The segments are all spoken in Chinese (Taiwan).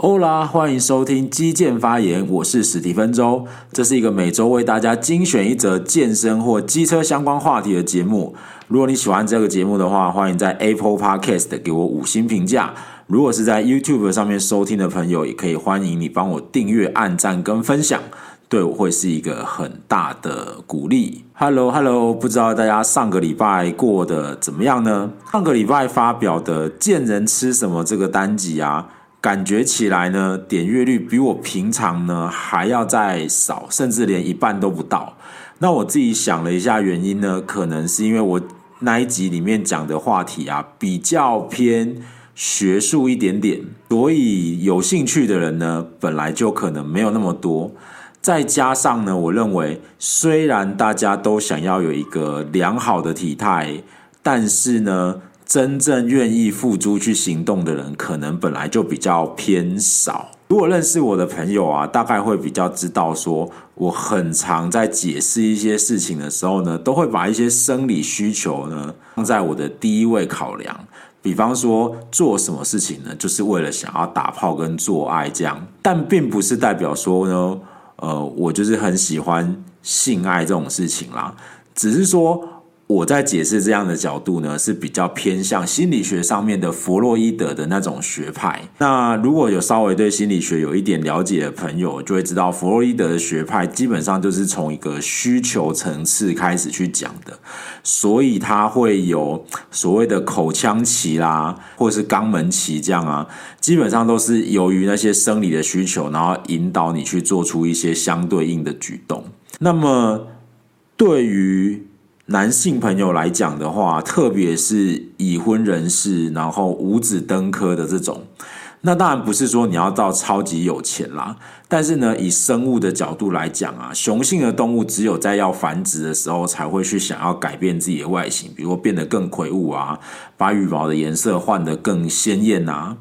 歐拉，歡迎收聽《機健發言》，我是史提芬周。這是一個每周為大家精選一則健身或機車相關話題的節目。如果你喜歡這個節目的話，歡迎在 Apple Podcast 給我五星評價。如果是在 YouTube 上面收聽的朋友，也可以歡迎你幫我訂閱、按讚跟分享，對我會是一個很大的鼓勵。Hello，Hello，hello，不知道大家上個禮拜過得怎麼樣呢？上個禮拜發表的“見人吃什麼”這個單集啊，感覺起來呢，點閱率比我平常呢還要再少，甚至連一半都不到。那我自己想了一下原因呢，可能是因為我那一集裡面講的話題啊，比較偏。學術一點點，所以有興趣的人呢，本來就可能沒有那麼多。再加上呢，我認為雖然大家都想要有一個良好的體態，但是呢，真正願意付諸去行動的人，可能本來就比較偏少。如果認識我的朋友啊，大概會比較知道說，說我很常在解釋一些事情的時候呢，都會把一些生理需求呢放在我的第一位考量。比方說，做什麼事情呢？就是為了想要打炮跟做愛這樣，但並不是代表說呢，呃，我就是很喜歡性愛這種事情啦，只是說。我在解釋這樣的角度呢，是比較偏向心理學上面的弗洛伊德的那種學派。那如果有稍微對心理學有一點了解的朋友，就會知道弗洛伊德的學派基本上就是從一個需求層次開始去講的，所以他會有所謂的口腔期啦、啊，或是肛門期這樣啊，基本上都是由於那些生理的需求，然後引導你去做出一些相對應的舉動。那麼對於男性朋友來講的話，特別是已婚人士，然後五子登科的這種，那當然不是說你要到超級有錢啦。但是呢，以生物的角度來講啊，雄性的動物只有在要繁殖的時候，才會去想要改變自己的外形，比如說變得更魁梧啊，把羽毛的顏色換得更鮮豔啊。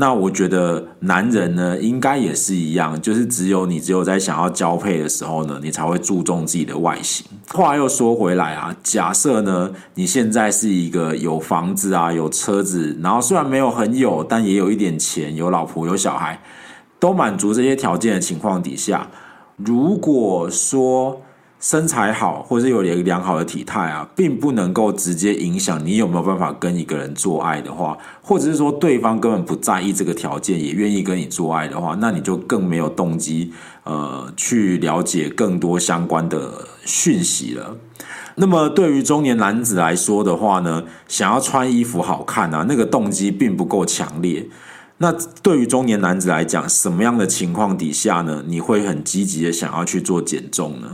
那我覺得男人呢，應該也是一樣，就是只有你只有在想要交配的時候呢，你才會注重自己的外形。話又說回來啊，假設呢，你現在是一個有房子啊，有車子，然後雖然沒有很有，但也有一點錢，有老婆，有小孩，都滿足這些條件的情況底下，如果說，身材好，或者是有良好的體態啊，並不能夠直接影響你有沒有辦法跟一個人做愛的話，或者是說對方根本不在意這個條件，也願意跟你做愛的話，那你就更沒有動機，呃，去了解更多相關的訊息了。那麼，對於中年男子來說的話呢，想要穿衣服好看啊，那個動機並不夠強烈。那對於中年男子來講，什麼樣的情況底下呢，你會很積極的想要去做減重呢？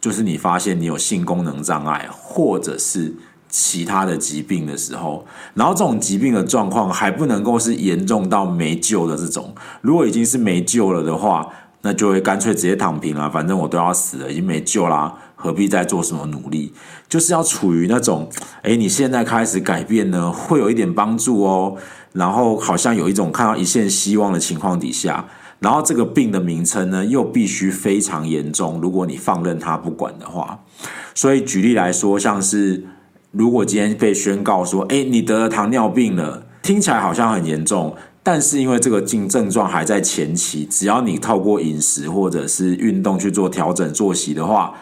就是你發現你有性功能障礙，或者是其他的疾病的時候，然後這種疾病的狀況還不能夠是嚴重到沒救的這種。如果已經是沒救了的話，那就會乾脆直接躺平了啊，反正我都要死了，已經沒救啦啊，何必再做什麼努力？就是要處於那種，哎，你現在開始改變呢，會有一點幫助哦。然後好像有一種看到一線希望的情況底下。然後這個病的名稱呢，又必須非常嚴重，如果你放任它不管的話。所以舉例來說，像是如果今天被宣告說，哎，你得了糖尿病了，聽起來好像很嚴重，但是因為這個症狀還在前期，只要你透過飲食或者是運動去做調整作息的話，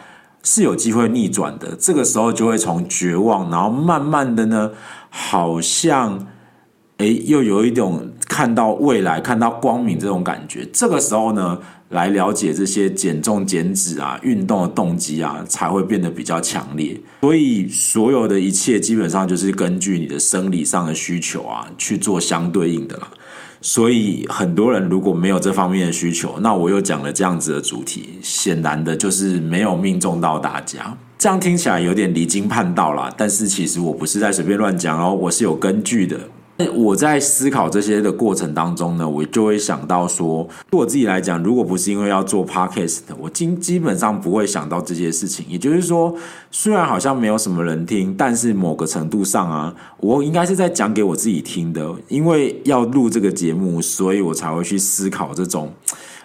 是有機會逆轉的。這個時候就會從絕望，然後慢慢的呢，好像。誒，又有一種看到未來看到光明這種感覺。這個時候呢，來了解這些減重、減脂啊、運動的動機啊，才會變得比較強烈。所以，所有的一切基本上就是根據你的生理上的需求啊去做相對應的啦。所以，很多人如果沒有這方面的需求，那我又講了這樣子的主題，顯然的就是沒有命中到大家。這樣聽起來有點離經叛道啦，但是其實我不是在隨便亂講哦，我是有根據的。我在思考這些的過程當中呢，我就會想到說，對我自己來講，如果不是因為要做 podcast，我基基本上不會想到這些事情。也就是說，雖然好像沒有什麼人聽，但是某個程度上啊，我應該是在講給我自己聽的。因為要錄這個節目，所以我才會去思考這種，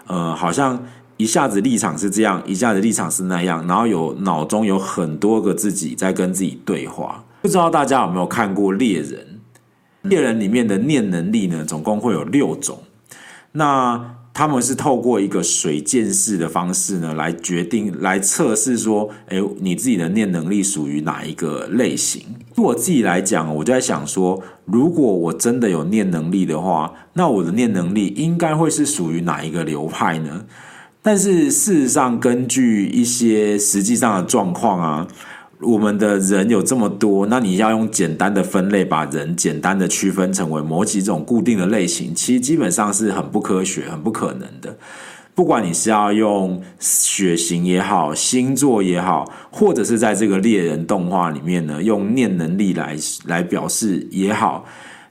呃，好像一下子立場是這樣，一下子立場是那樣，然後有，腦中有很多個自己在跟自己對話。不知道大家有沒有看過《獵人》？獵人裡面的念能力呢，總共會有六種，那他們是透過一個水見式的方式呢，來決定、來測試說，誒，你自己的念能力屬於哪一個類型？我自己來講，我就在想說，如果我真的有念能力的話，那我的念能力應該會是屬於哪一個流派呢？但是事實上，根據一些實際上的狀況啊。我們的人有這麼多，那你要用簡單的分類把人簡單的區分成為某幾種這種固定的類型，其實基本上是很不科學、很不可能的。不管你是要用血型也好、星座也好，或者是在這個獵人動畫裡面呢用念能力來來表示也好，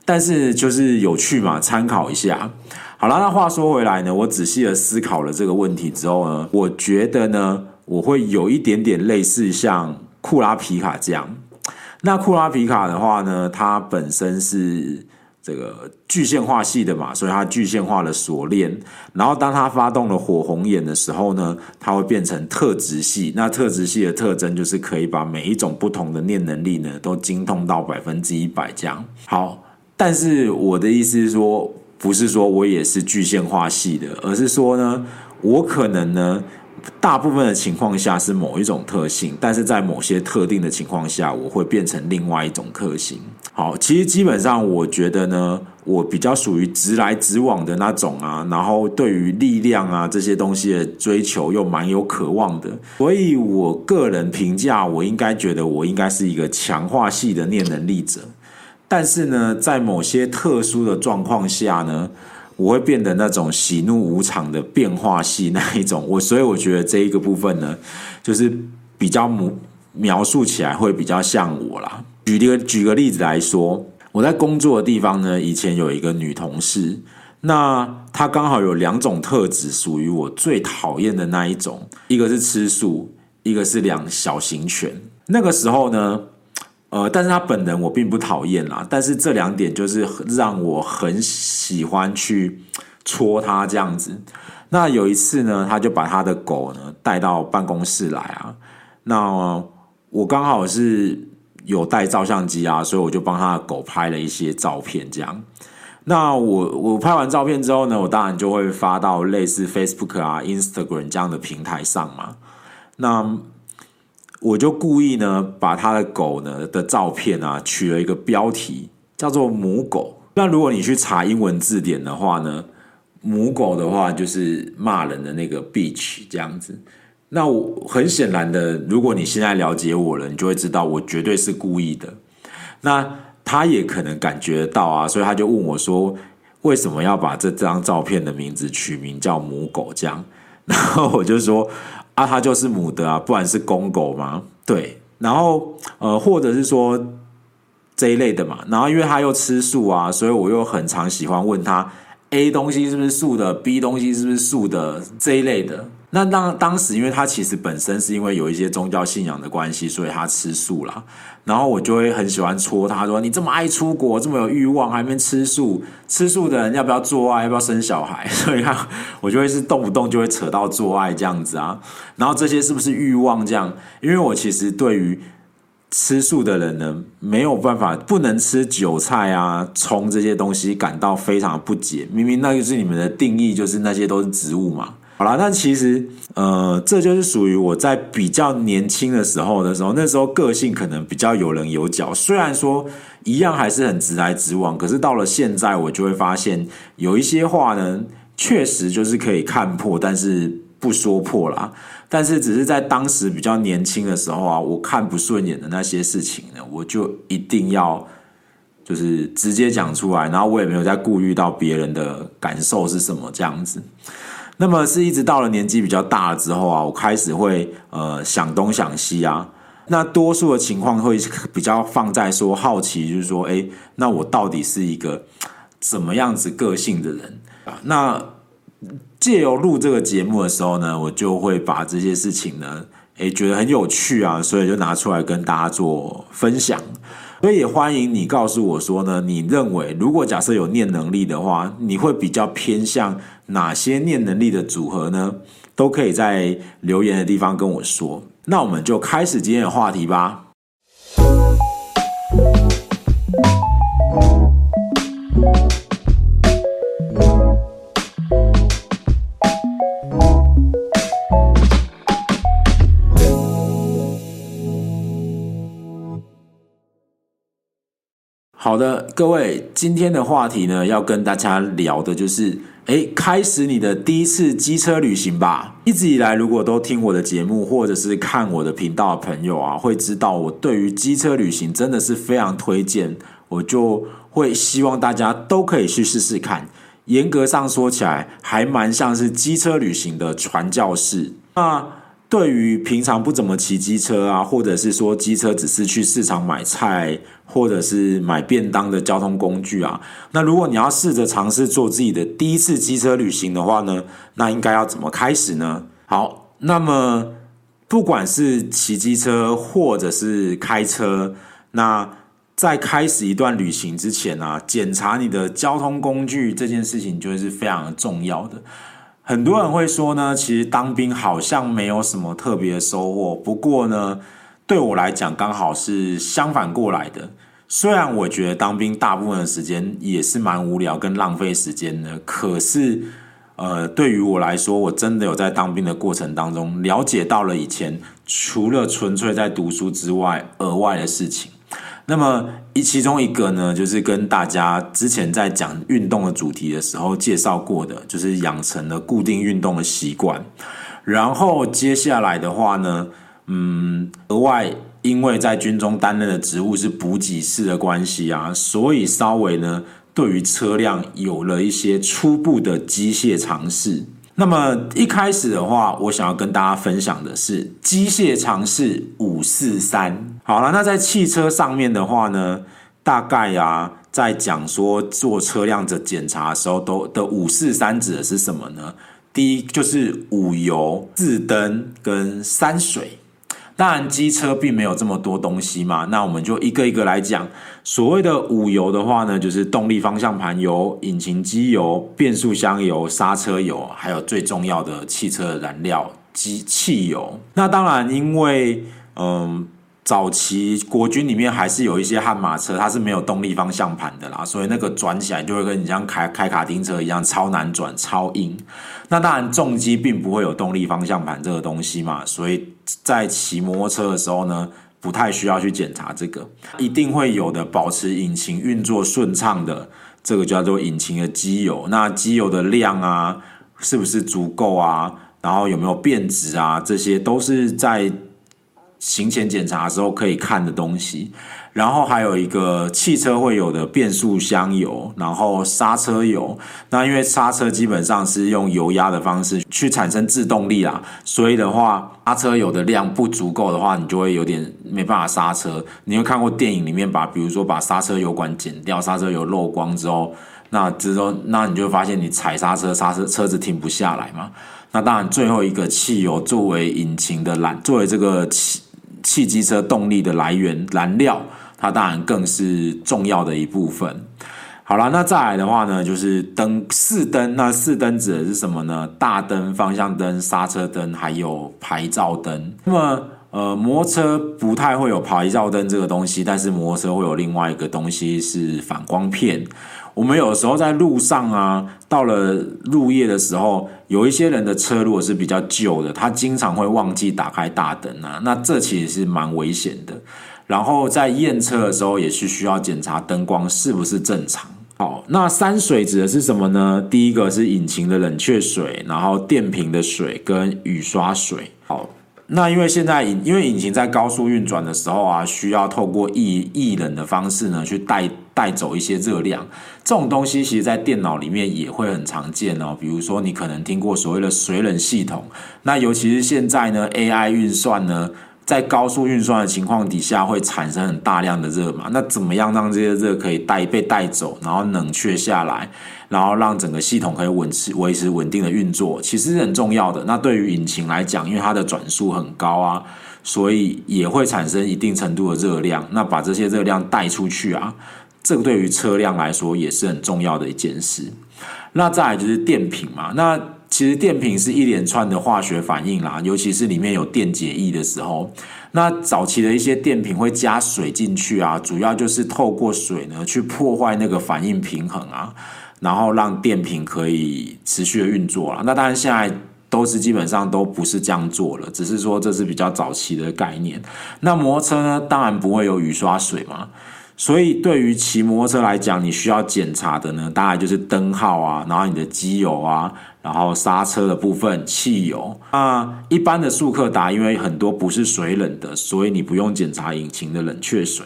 但是就是有趣嘛，參考一下。好啦，那話說回來呢，我仔細的思考了這個問題之後呢，我覺得呢，我會有一點點類似像。酷拉皮卡這樣，那酷拉皮卡的話呢，它本身是這個具現化系的嘛，所以它具現化的鎖鏈，然後當它發動了火紅眼的時候呢，它會變成特質系。那特質系的特徵就是可以把每一種不同的念能力呢都精通到百分之一百這樣。好，但是我的意思是說，不是說我也是具現化系的，而是說呢，我可能呢。大部分的情況下是某一種特性，但是在某些特定的情況下，我會變成另外一種特性。好，其實基本上我覺得呢，我比較屬於直來直往的那種啊，然後對於力量啊這些東西的追求又蠻有渴望的，所以我個人評價，我應該覺得我應該是一個強化系的念能力者，但是呢，在某些特殊的狀況下呢。我會變得那種喜怒無常的變化系那一種，我所以我覺得這一個部分呢，就是比較描描述起來會比較像我啦。舉一個舉個例子來說，我在工作的地方呢，以前有一個女同事，那她剛好有兩種特質屬於我最討厭的那一種，一個是吃素，一個是養小型犬。那個時候呢。呃，但是他本人我並不討厭啦，但是這兩點就是讓我很喜歡去戳他這樣子。那有一次呢，他就把他的狗呢帶到辦公室來啊，那我剛好是有帶照相機啊，所以我就幫他的狗拍了一些照片這樣。那我我拍完照片之後呢，我當然就會發到類似 Facebook 啊、Instagram 這樣的平台上嘛。那我就故意呢，把他的狗呢的照片啊取了一個標題，叫做“母狗”。那如果你去查英文字典的話呢，“母狗”的話就是罵人的那個 “bitch” 這樣子。那我很顯然的，如果你現在了解我了，你就會知道我絕對是故意的。那他也可能感覺到啊，所以他就問我說：“為什麼要把這張照片的名字取名叫‘母狗’這樣？”然後我就說。啊，它就是母的啊，不然是公狗嘛，對，然後呃，或者是說這一類的嘛。然後因為它又吃素啊，所以我又很常喜歡問他，A 東西是不是素的，B 東西是不是素的這一類的。那當當時，因為他其實本身是因為有一些宗教信仰的關係，所以他吃素啦。然後我就會很喜歡戳他說：“你這麼愛出國，這麼有慾望，還沒吃素？吃素的人要不要做愛？要不要生小孩？”所以，他我就會是動不動就會扯到做愛這樣子啊。然後這些是不是慾望？這樣，因為我其實對於吃素的人呢，沒有辦法不能吃韭菜啊、蔥這些東西，感到非常的不解。明明那就是你們的定義，就是那些都是植物嘛。好啦，那其實，呃，這就是屬於我在比較年輕的時候的時候，那時候個性可能比較有稜有角。雖然說一樣還是很直來直往，可是到了現在，我就會發現有一些話呢，確實就是可以看破，但是不說破啦。但是只是在當時比較年輕的時候啊，我看不順眼的那些事情呢，我就一定要就是直接講出來，然後我也沒有在顧慮到別人的感受是什麼這樣子。那麼是一直到了年紀比較大之後啊，我開始會呃想東想西啊。那多數的情況會比較放在說好奇，就是說，哎、欸，那我到底是一個怎麼樣子個性的人啊？那借由錄這個節目的時候呢，我就會把這些事情呢，哎、欸，覺得很有趣啊，所以就拿出來跟大家做分享。所以，也歡迎你告訴我說呢，你認為如果假設有念能力的話，你會比較偏向哪些念能力的組合呢？都可以在留言的地方跟我說。那我們就開始今天的話題吧。好的，各位，今天的話題呢，要跟大家聊的就是，誒，開始你的第一次機車旅行吧！一直以來，如果都聽我的節目或者是看我的頻道的朋友啊，會知道我對於機車旅行真的是非常推薦，我就會希望大家都可以去試試看。嚴格上說起來，還蠻像是機車旅行的傳教士。那，對於平常不怎麼騎機車啊，或者是說機車只是去市場買菜或者是買便當的交通工具啊，那如果你要試着嘗試做自己的第一次機車旅行的話呢，那應該要怎麼開始呢？好，那麼不管是騎機車或者是開車，那在開始一段旅行之前啊，檢查你的交通工具這件事情就是非常的重要的。很多人會說呢，其實當兵好像沒有什麼特別的收穫。不過呢，對我來講剛好是相反過來的。雖然我覺得當兵大部分的時間也是蠻無聊跟浪費時間的，可是，呃，對於我來說，我真的有在當兵的過程當中了解到了以前，除了純粹在讀書之外，額外的事情。那麼一其中一個呢，就是跟大家之前在講運動的主題的時候介紹過的，就是養成了固定運動的習慣。然後接下來的話呢，嗯，額外因為在軍中擔任的職務是補給士的關係啊，所以稍微呢，對於車輛有了一些初步的機械常識。那麼一開始的話，我想要跟大家分享的是機械常識五四三。好了，那在汽車上面的話呢，大概啊，在講說做車輛的檢查的時候，都的五四三指的是什麼呢？第一就是五油、四燈跟三水。當然，機車並沒有這麼多東西嘛。那我們就一個一個來講。所謂的五油的話呢，就是動力方向盤油、引擎機油、變速箱油、剎車油，還有最重要的汽車燃料——機汽油。那當然，因為嗯、呃，早期國軍裡面還是有一些悍馬車，它是沒有動力方向盤的啦，所以那個轉起來就會跟你像開開卡丁車一樣，超難轉、超硬。那當然，重機並不會有動力方向盤這個東西嘛，所以。在騎摩，摩托車的時候呢，不太需要去檢查這個，一定會有的。保持引擎運作順暢的，這個叫做引擎的機油。那機油的量啊，是不是足夠啊？然後有沒有變質啊？這些都是在。行前檢查的時候可以看的東西，然後還有一個汽車會有的變速箱油，然後剎車油。那因為剎車基本上是用油壓的方式去產生制動力啦，所以的話，剎車油的量不足夠的話，你就會有點沒辦法剎車。你有看過電影裡面把，比如說把剎車油管剪掉，剎車油漏光之後，那之後那你就會發現你踩剎車，剎車車子停不下來嘛。那當然最後一個汽油作為引擎的燃，作為這個汽。汽機車動力的來源燃料，它當然更是重要的一部分。好啦，那再來的話呢，就是燈四燈。那四燈指的是什麼呢？大燈、方向燈、剎車燈，還有牌照燈。那麼，呃，摩托車不太會有牌照燈這個東西，但是摩托車會有另外一個東西是反光片。我們有時候在路上啊，到了入夜的時候，有一些人的車如果是比較舊的，他經常會忘記打開大燈啊，那這其實是蠻危險的。然後在驗車的時候也是需要檢查燈光是不是正常。好，那三水指的是什麼？呢第一個是引擎的冷卻水，然後電瓶的水跟雨刷水。好，那因為現在因為引擎在高速運轉的時候啊，需要透過液液冷的方式呢去帶。帶走一些熱量，這種東西其實，在電腦裡面也會很常見哦。比如說，你可能聽過所謂的水冷系統，那尤其是現在呢，AI 運算呢，在高速運算的情況底下，會產生很大量的熱嘛。那怎麼樣讓這些熱可以帶被帶走，然後冷卻下來，然後讓整個系統可以維持維持穩定的運作，其實是很重要的。那對於引擎來講，因為它的轉速很高啊，所以也會產生一定程度的熱量。那把這些熱量帶出去啊，這個對於車輛來說也是很重要的一件事。那再來就是電瓶嘛，那其實電瓶是一連串的化學反應啦，尤其是裡面有電解液的時候，那早期的一些電瓶會加水進去啊，主要就是透過水呢去破壞那個反應平衡啊，然後讓電瓶可以持續的運作啦。那當然現在都是基本上都不是這樣做了，只是說這是比較早期的概念。那摩托車呢，當然不會有雨刷水嘛。所以，對於騎摩托車來講，你需要檢查的呢，當然就是燈號啊，然後你的機油啊，然後剎車的部分、汽油。那一般的速克達，因為很多不是水冷的，所以你不用檢查引擎的冷卻水。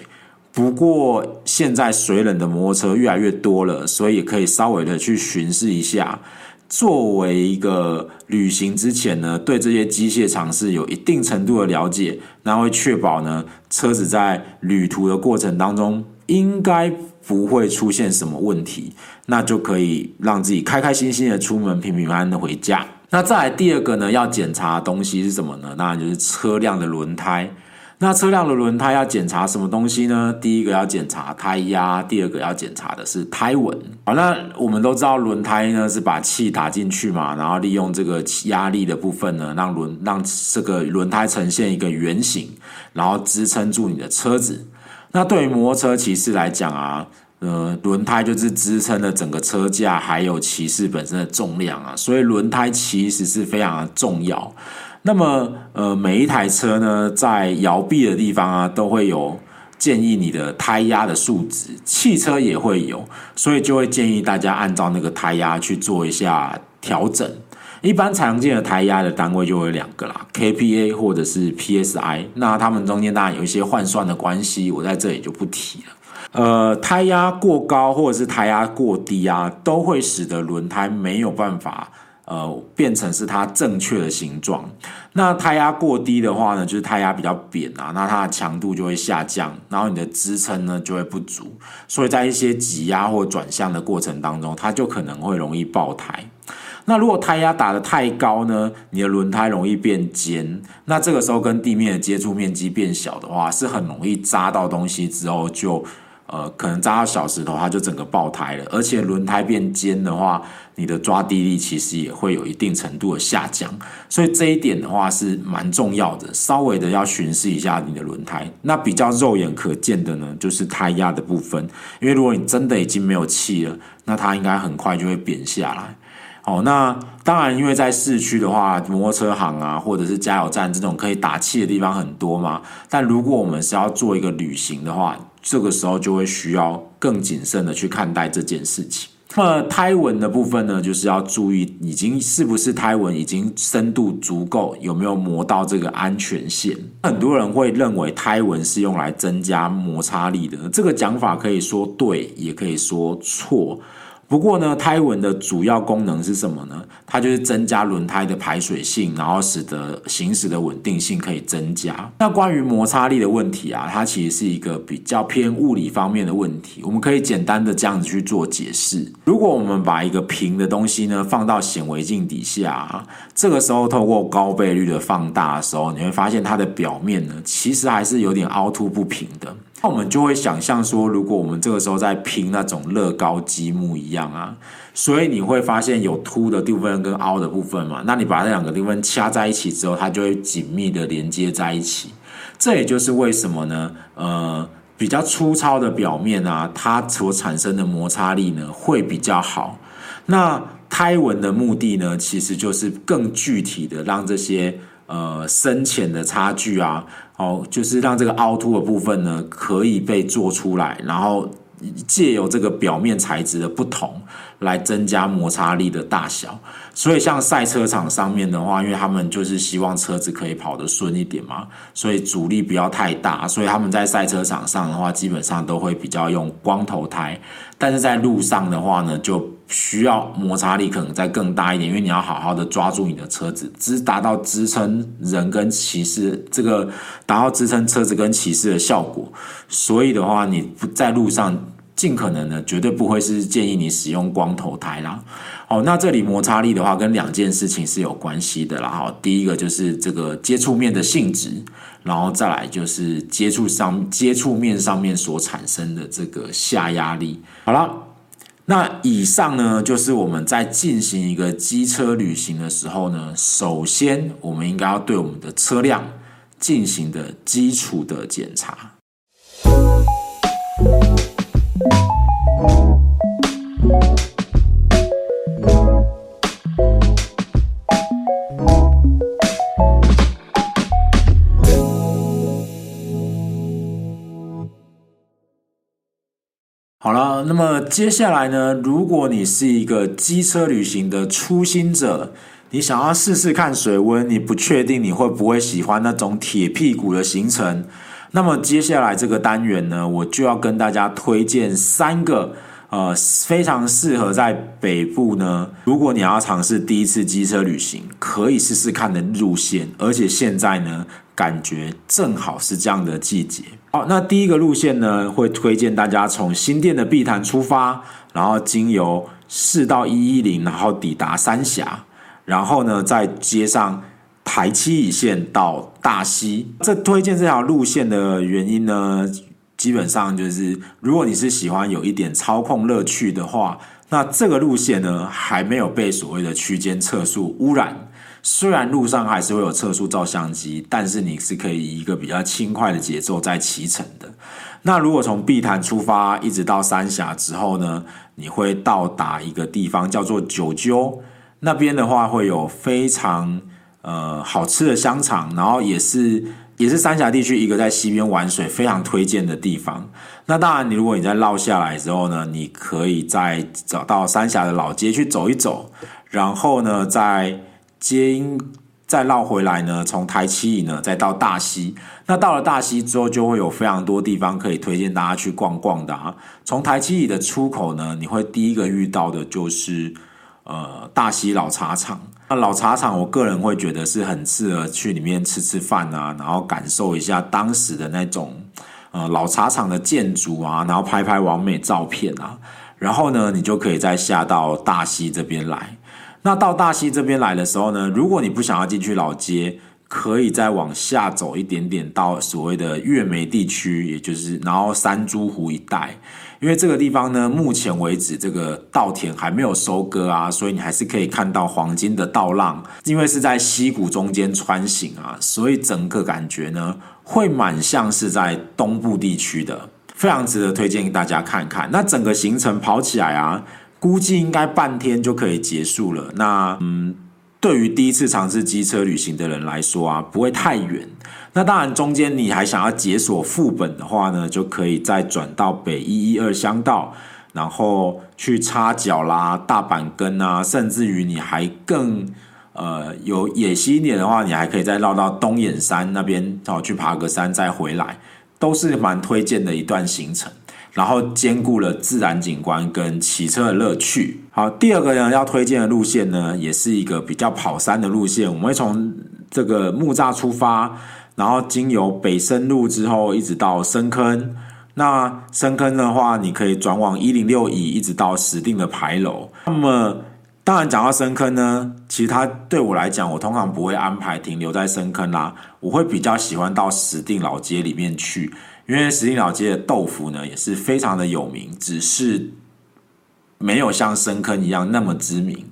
不過，現在水冷的摩托車越來越多了，所以也可以稍微的去巡視一下。作為一個旅行之前呢，對這些機械常識有一定程度的了解，那會確保呢車子在旅途的過程當中應該不會出現什麼問題，那就可以讓自己開開心心的出門，平平安安的回家。那再來第二個呢，要檢查的東西是什麼呢？那就是車輛的輪胎。那車輛的輪胎要檢查什麼東西呢？第一個要檢查胎壓，第二個要檢查的是胎紋。好，那我們都知道輪胎呢是把氣打進去嘛，然後利用這個壓力的部分呢，讓輪讓這個輪胎呈現一個圓形，然後支撐住你的車子。那對於摩托車騎士來講啊，呃，輪胎就是支撐了整個車架，還有騎士本身的重量啊，所以輪胎其實是非常的重要。那麼，呃，每一台車呢，在搖臂的地方啊，都會有建議你的胎壓的數值，汽車也會有，所以就會建議大家按照那個胎壓去做一下調整。一般常見的胎壓的單位就有兩個啦，kPa 或者是 PSI。那它們中間當然有一些換算的關係，我在這裡就不提了。呃，胎壓過高或者是胎壓過低啊，都會使得輪胎沒有辦法。呃，變成是它正確的形狀。那胎壓過低的話呢，就是胎壓比較扁啊，那它的強度就會下降，然後你的支撐呢就會不足，所以在一些擠壓或轉向的過程當中，它就可能會容易爆胎。那如果胎壓打得太高呢，你的輪胎容易變尖，那這個時候跟地面的接觸面積變小的話，是很容易扎到東西之後就。呃，可能扎到小石頭，它就整個爆胎了。而且輪胎變尖的話，你的抓地力其實也會有一定程度的下降，所以這一點的話是蠻重要的。稍微的要巡視一下你的輪胎。那比較肉眼可見的呢，就是胎壓的部分。因為如果你真的已經沒有氣了，那它應該很快就會扁下來。哦，那當然，因為在市區的話，摩托車行啊，或者是加油站這種可以打氣的地方很多嘛。但如果我們是要做一個旅行的話，這個時候就會需要更謹慎的去看待這件事情。那麼、呃、胎紋的部分呢，就是要注意已經是不是胎紋已經深度足夠，有沒有磨到這個安全線。很多人會認為胎紋是用來增加摩擦力的，這個講法可以說對，也可以說錯。不過呢，胎紋的主要功能是什麼呢？它就是增加輪胎的排水性，然後使得行駛的穩定性可以增加。那關於摩擦力的問題啊，它其實是一個比較偏物理方面的問題。我們可以簡單的這樣子去做解釋。如果我們把一個平的東西呢，放到顯微鏡底下，這個時候透過高倍率的放大的時候，你會發現它的表面呢，其實還是有點凹凸不平的。那我們就會想象說，如果我們這個時候在拼那種樂高積木一樣啊，所以你會發現有凸的部分跟凹的部分嘛，那你把這兩個部分掐在一起之後，它就會緊密的連接在一起。這也就是為什麼呢？呃，比較粗糙的表面啊，它所產生的摩擦力呢會比較好。那胎紋的目的呢，其實就是更具體的讓這些。呃，深淺的差距啊，哦，就是讓這個凹凸的部分呢，可以被做出來，然後借由這個表面材質的不同，來增加摩擦力的大小。所以，像賽車場上面的話，因為他們就是希望車子可以跑得順一點嘛，所以阻力不要太大，所以他們在賽車場上的話，基本上都會比較用光頭胎，但是在路上的話呢，就。需要摩擦力可能再更大一點，因為你要好好的抓住你的車子，只達到支撐人跟騎士，這個達到支撐車子跟騎士的效果。所以的話，你不在路上盡可能的絕對不會是建議你使用光頭胎啦。哦，那這裡摩擦力的話，跟兩件事情是有關係的啦。好，哦，第一個就是這個接觸面的性質，然後再來就是接觸上接觸面上面所產生的這個下壓力。好了。那以上呢，就是我們在進行一個機車旅行的時候呢，首先我們應該要對我們的車輛進行的基礎的檢查。好了，那麼接下來呢，如果你是一個機車旅行的初心者，你想要試試看水溫，你不確定你會不會喜歡那種鐵屁股的行程，那麼接下來這個單元呢，我就要跟大家推薦三個，呃，非常適合在北部呢，如果你要嘗試第一次機車旅行，可以試試看的路線，而且現在呢，感覺正好是這樣的季節。好，那第一個路線呢，會推薦大家從新店的碧潭出發，然後經由市道一一零，然後抵達三峽，然後呢再接上台七乙線到大溪。這推薦這條路線的原因呢，基本上就是如果你是喜歡有一點操控樂趣的話，那這個路線呢還沒有被所謂的區間測速污染。雖然路上還是會有測速照相機，但是你是可以，以一個比較輕快的節奏在騎乘的。那如果從碧潭出發，一直到三峽之後呢，你會到達一個地方叫做九鳩，那邊的話會有非常呃好吃的香腸，然後也是也是三峽地區一個在溪邊玩水非常推薦的地方。那當然，你如果你在繞下來之後呢，你可以再找到三峽的老街去走一走，然後呢再，在接因再繞回來呢，從台七裡呢，再到大溪。那到了大溪之後，就會有非常多地方可以推薦大家去逛逛的啊。從台七裡的出口呢，你會第一個遇到的就是呃大溪老茶廠。那老茶廠，我個人會覺得是很適合去裡面吃吃飯啊，然後感受一下當時的那種呃老茶廠的建築啊，然後拍拍完美照片啊。然後呢，你就可以再下到大溪這邊來。那到大溪這邊來的時候呢，如果你不想要進去老街，可以再往下走一點點，到所謂的月眉地區，也就是然後山豬湖一帶。因為這個地方呢，目前為止這個稻田還沒有收割啊，所以你還是可以看到黃金的稻浪。因為是在溪谷中間穿行啊，所以整個感覺呢，會蠻像是在東部地區的，非常值得推薦給大家看看。那整個行程跑起來啊。估計應該半天就可以結束了。那嗯，對於第一次嘗試機車旅行的人來說啊，不會太遠。那當然，中間你還想要解鎖副本的話呢，就可以再轉到北一一二鄉道，然後去插角啦、大板根啊，甚至於你還更呃有野心一點的話，你還可以再繞到東眼山那邊哦，去爬個山再回來，都是蠻推薦的一段行程。然後兼顧了自然景觀跟騎車的樂趣。好，第二個呢要推薦的路線呢，也是一個比較跑山的路線。我們會從這個木柵出發，然後經由北深路之後，一直到深坑。那深坑的話，你可以轉往一零六乙，一直到石碇的牌樓。那麼當然講到深坑呢，其實它對我來講，我通常不會安排停留在深坑啦，我會比較喜歡到石碇老街裡面去。因為石碇老街的豆腐呢，也是非常的有名，只是沒有像深坑一樣那麼知名。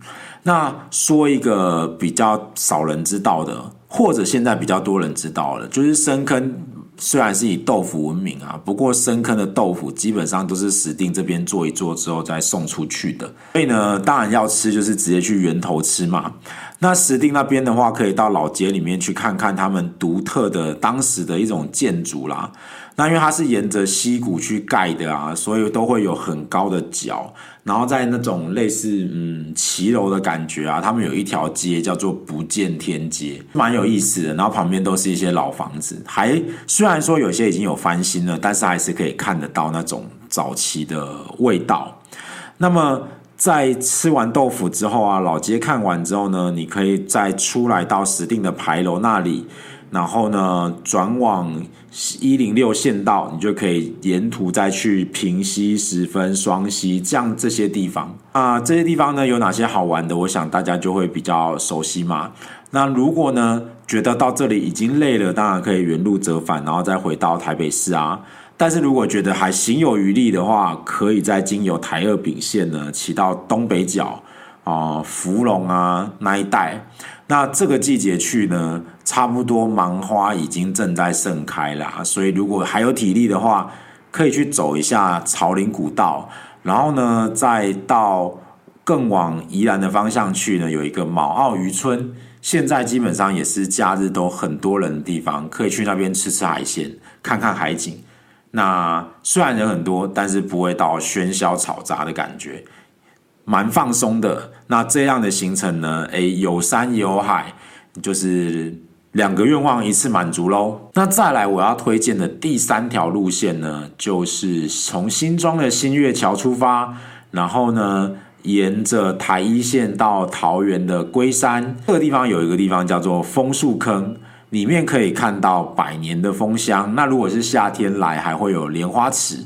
那說一個比較少人知道的，或者現在比較多人知道的，就是深坑。雖然是以豆腐聞名啊，不過深坑的豆腐基本上都是石碇這邊做一做之後再送出去的，所以呢，當然要吃就是直接去源頭吃嘛。那石碇那邊的話，可以到老街裡面去看看他們獨特的當時的一種建築啦。那因為它是沿着溪谷去蓋的啊，所以都會有很高的角。然後在那種類似嗯騎樓的感覺啊，他們有一條街叫做不見天街，蠻有意思的。然後旁邊都是一些老房子，還雖然說有些已經有翻新了，但是還是可以看得到那種早期的味道。那麼在吃完豆腐之後啊，老街看完之後呢，你可以再出來到石碇的牌樓那裡。然後呢，轉往一零六縣道，你就可以沿途再去平溪、十分、雙溪這樣這些地方啊、呃。這些地方呢，有哪些好玩的？我想大家就會比較熟悉嘛。那如果呢，覺得到這裡已經累了，當然可以原路折返，然後再回到台北市啊。但是如果覺得還行有餘力的話，可以再經由台二丙線呢，騎到東北角、呃、啊、福隆啊那一帶。那這個季節去呢，差不多芒花已經正在盛開了，所以如果還有體力的話，可以去走一下草嶺古道，然後呢，再到更往宜蘭的方向去呢，有一個卯澳漁村，現在基本上也是假日都很多人的地方，可以去那邊吃吃海鮮，看看海景。那雖然人很多，但是不會到喧囂吵雜的感覺，蠻放鬆的。那這樣的行程呢，誒，有山有海，就是兩個願望一次滿足嘍。那再來我要推薦的第三條路線呢，就是從新莊的新月橋出發，然後呢，沿着台一線到桃園的龜山。這個地方有一個地方叫做楓樹坑，裡面可以看到百年的楓香。那如果是夏天來，還會有蓮花池，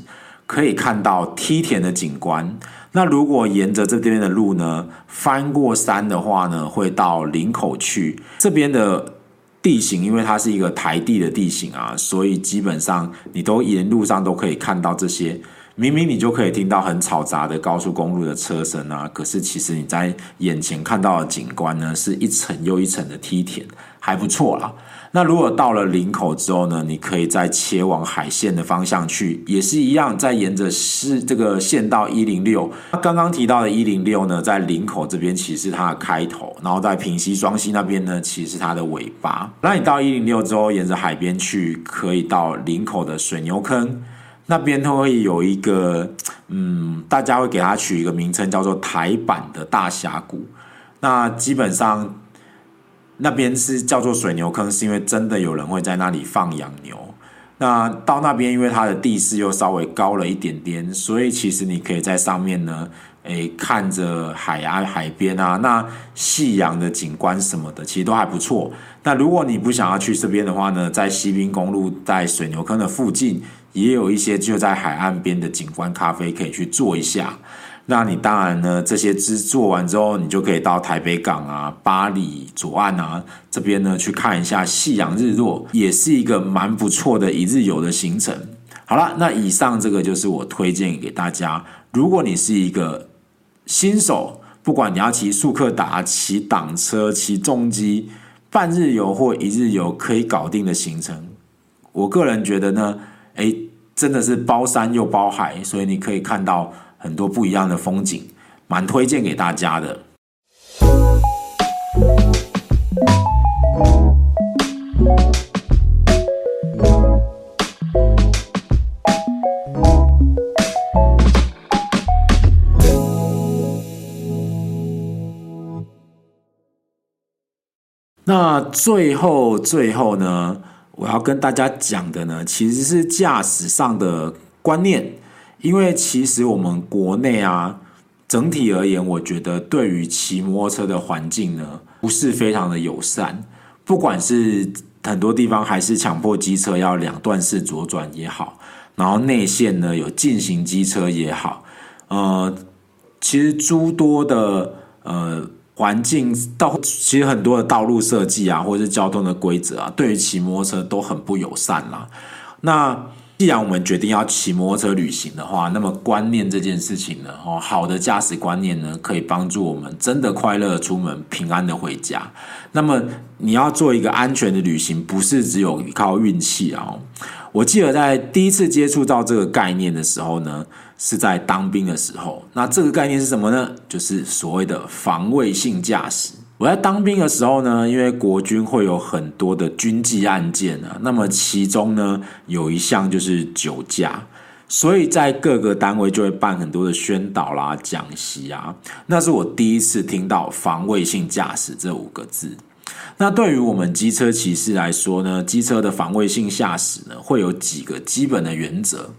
可以看到梯田的景觀。那如果沿着這邊的路呢，翻過山的話呢，會到林口去。這邊的地形，因為它是一個台地的地形啊，所以基本上你都沿路上都可以看到這些。明明你就可以聽到很吵雜的高速公路的車聲啊，可是其實你在眼前看到的景觀呢，是一層又一層的梯田，還不錯啦、啊。嗯那如果到了林口之後呢？你可以再切往海線的方向去，也是一樣，再沿着是這個線到一零六。那剛剛提到的一零六呢，在林口這邊其實是它的開頭，然後在平溪雙溪那邊呢，其實是它的尾巴。那你到一零六之後，沿着海邊去，可以到林口的水牛坑那邊，都會有一個嗯，大家會給它取一個名稱，叫做台版的大峽谷。那基本上。那邊是叫做水牛坑，是因為真的有人會在那裡放養牛。那到那邊，因為它的地勢又稍微高了一點點，所以其實你可以在上面呢，誒、欸，看着海岸、海邊啊，那夕陽的景觀什麼的，其實都還不錯。那如果你不想要去這邊的話呢，在西濱公路在水牛坑的附近，也有一些就在海岸邊的景觀咖啡，可以去坐一下。那你當然呢，這些之做完之後，你就可以到台北港啊、八里左岸啊這邊呢去看一下夕陽日落，也是一個蠻不錯的一日遊的行程。好了，那以上這個就是我推薦給大家。如果你是一個新手，不管你要騎速克達、騎檔車、騎重機，半日遊或一日遊可以搞定的行程，我個人覺得呢，哎，真的是包山又包海，所以你可以看到。很多不一樣的風景，蠻推薦給大家的。那最後最後呢，我要跟大家講的呢，其實是駕駛上的觀念。因為其實我們國內啊，整體而言，我覺得對於騎摩托車的環境呢，不是非常的友善。不管是很多地方還是強迫機車要兩段式左轉也好，然後內線呢有禁行機車也好，呃，其實諸多的呃環境到其實很多的道路設計啊，或者是交通的規則啊，對於騎摩托車都很不友善啦。那既然我們決定要騎摩托車旅行的話，那麼觀念這件事情呢，哦，好的駕駛觀念呢，可以幫助我們真的快樂出門，平安的回家。那麼你要做一個安全的旅行，不是只有靠運氣啊。我記得在第一次接觸到這個概念的時候呢，是在當兵的時候。那這個概念是什麼呢？就是所謂的防衛性駕駛。我在當兵的時候呢，因為國軍會有很多的軍紀案件啊，那麼其中呢有一項就是酒駕，所以在各個單位就會辦很多的宣導啦、啊、講習啊。那是我第一次聽到“防衛性駕駛”這五個字。那對於我們機車騎士來說呢，機車的防衛性駕駛呢會有幾個基本的原則。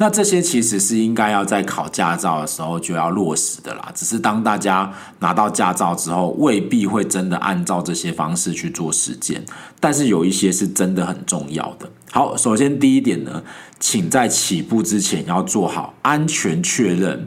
那這些其實是應該要在考駕照的時候就要落實的啦，只是當大家拿到駕照之後，未必會真的按照這些方式去做實踐，但是有一些是真的很重要的。好，首先第一點呢，請在起步之前要做好安全確認。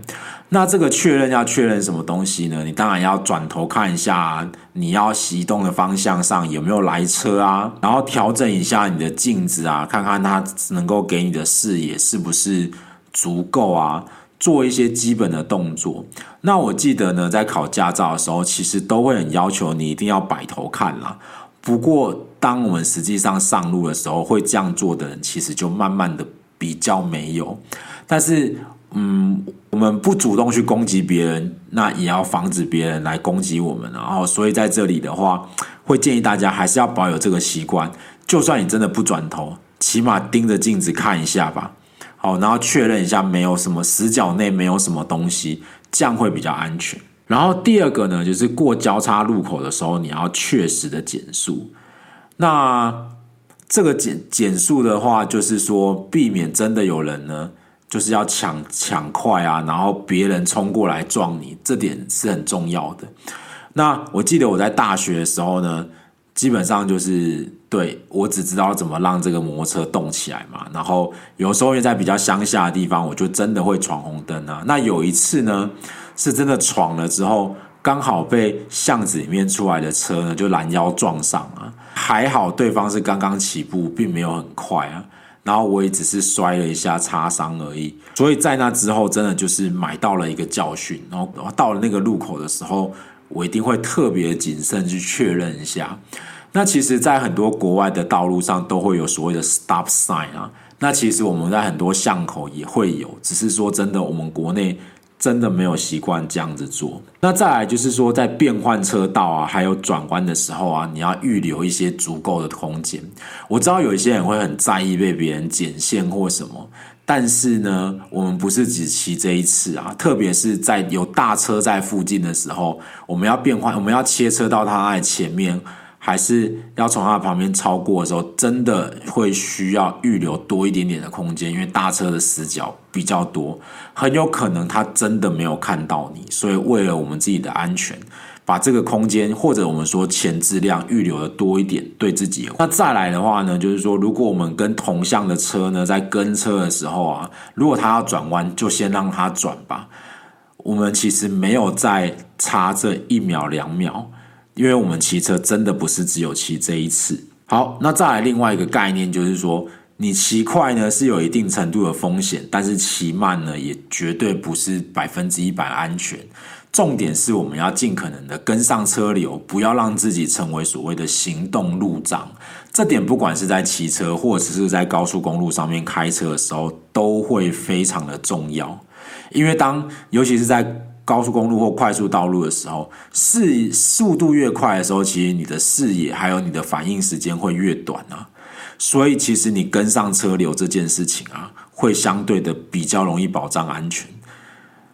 那這個確認要確認什麼東西呢？你當然要轉頭看一下啊，你要移動的方向上有沒有來車啊，然後調整一下你的鏡子啊，看看它能夠給你的視野是不是足夠啊，做一些基本的動作。那我記得呢，在考駕照的時候，其實都會很要求你一定要擺頭看啦。不過，當我們實際上上路的時候，會這樣做的人，其實就慢慢的比較沒有，但是。嗯，我們不主動去攻擊別人，那也要防止別人來攻擊我們。然後，所以在這裡的話，會建議大家還是要保有這個習慣，就算你真的不轉頭，起碼盯着鏡子看一下吧。好，然後確認一下沒有什麼死角內沒有什麼東西，這樣會比較安全。然後第二個呢，就是過交叉路口的時候，你要確實的減速。那這個減減速的話，就是說避免真的有人呢。就是要搶搶快啊，然後別人衝過來撞你，這點是很重要的。那我記得我在大學的時候呢，基本上就是對我只知道怎麼讓這個摩托車動起來嘛。然後有時候又在比較鄉下的地方，我就真的會闖紅燈啊。那有一次呢，是真的闖了之後，剛好被巷子裡面出來的車呢，就攔腰撞上啊。還好對方是剛剛起步，並沒有很快啊。然後我也只是摔了一下擦傷而已，所以在那之後真的就是買到了一個教訓。然後，然後到了那個路口的時候，我一定會特別謹慎去確認一下。那其實，在很多國外的道路上都會有所謂的 stop sign 啊，那其實我們在很多巷口也會有，只是說真的，我們國內。真的沒有習慣這樣子做。那再來就是說，在變換車道啊，還有轉彎的時候啊，你要預留一些足夠的空間。我知道有一些人會很在意被別人剪線或什麼，但是呢，我們不是只騎這一次啊，特別是在有大車在附近的時候，我們要變換，我們要切車到它的前面。還是要從它旁邊超過的時候，真的會需要預留多一點點的空間，因為大車的死角比較多，很有可能它真的沒有看到你，所以為了我們自己的安全，把這個空間或者我們說前置量預留的多一點，對自己有。那再來的話呢，就是說如果我們跟同向的車呢，在跟車的時候啊，如果它要轉彎，就先讓它轉吧。我們其實沒有再差這一秒兩秒。因為我們騎車真的不是只有騎這一次。好，那再來另外一個概念，就是說你騎快呢是有一定程度的風險，但是騎慢呢也絕對不是百分之一百安全。重點是我們要盡可能的跟上車流，不要讓自己成為所謂的行動路障。這點不管是在騎車或者是在高速公路上面開車的時候都會非常的重要，因為當尤其是在。高速公路或快速道路的時候，是速度越快的時候，其實你的視野還有你的反應時間會越短啊。所以，其實你跟上車流這件事情啊，會相對的比較容易保障安全。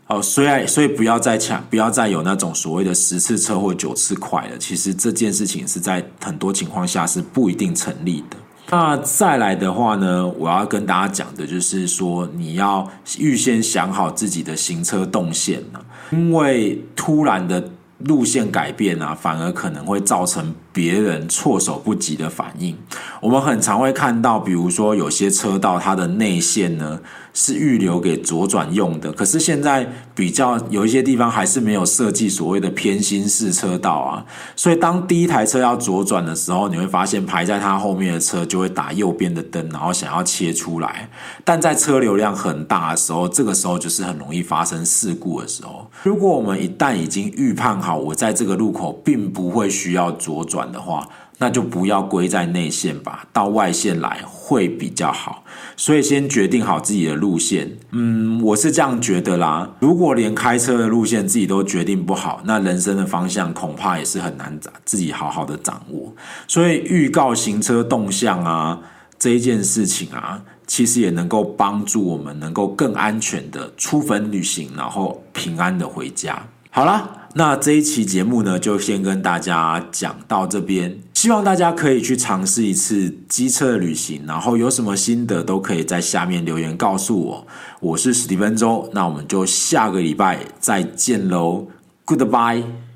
哦，雖然所以不要再搶，不要再有那種所謂的十次車禍九次快了。其實這件事情是在很多情況下是不一定成立的。那再來的話呢，我要跟大家講的就是說，你要預先想好自己的行車動線呢、啊。因為突然的路線改變啊，反而可能會造成。別人措手不及的反應，我們很常會看到，比如說有些車道它的內線呢是預留給左轉用的，可是現在比較有一些地方還是沒有設計所謂的偏心式車道啊，所以當第一台車要左轉的時候，你會發現排在它後面的車就會打右邊的燈，然後想要切出來，但在車流量很大的時候，這個時候就是很容易發生事故的時候。如果我們一旦已經預判好，我在這個路口並不會需要左轉。的話，那就不要歸在內線吧，到外線來會比較好。所以先決定好自己的路線，嗯，我是這樣覺得啦。如果連開車的路線自己都決定不好，那人生的方向恐怕也是很難掌自己好好的掌握。所以預告行車動向啊，這一件事情啊，其實也能夠幫助我們能夠更安全的出門旅行，然後平安的回家。好啦。那這一期節目呢，就先跟大家講到這邊，希望大家可以去嘗試一次機車旅行，然後有什麼心得都可以在下面留言告訴我。我是史蒂芬周，那我們就下個禮拜再見嘍，Goodbye。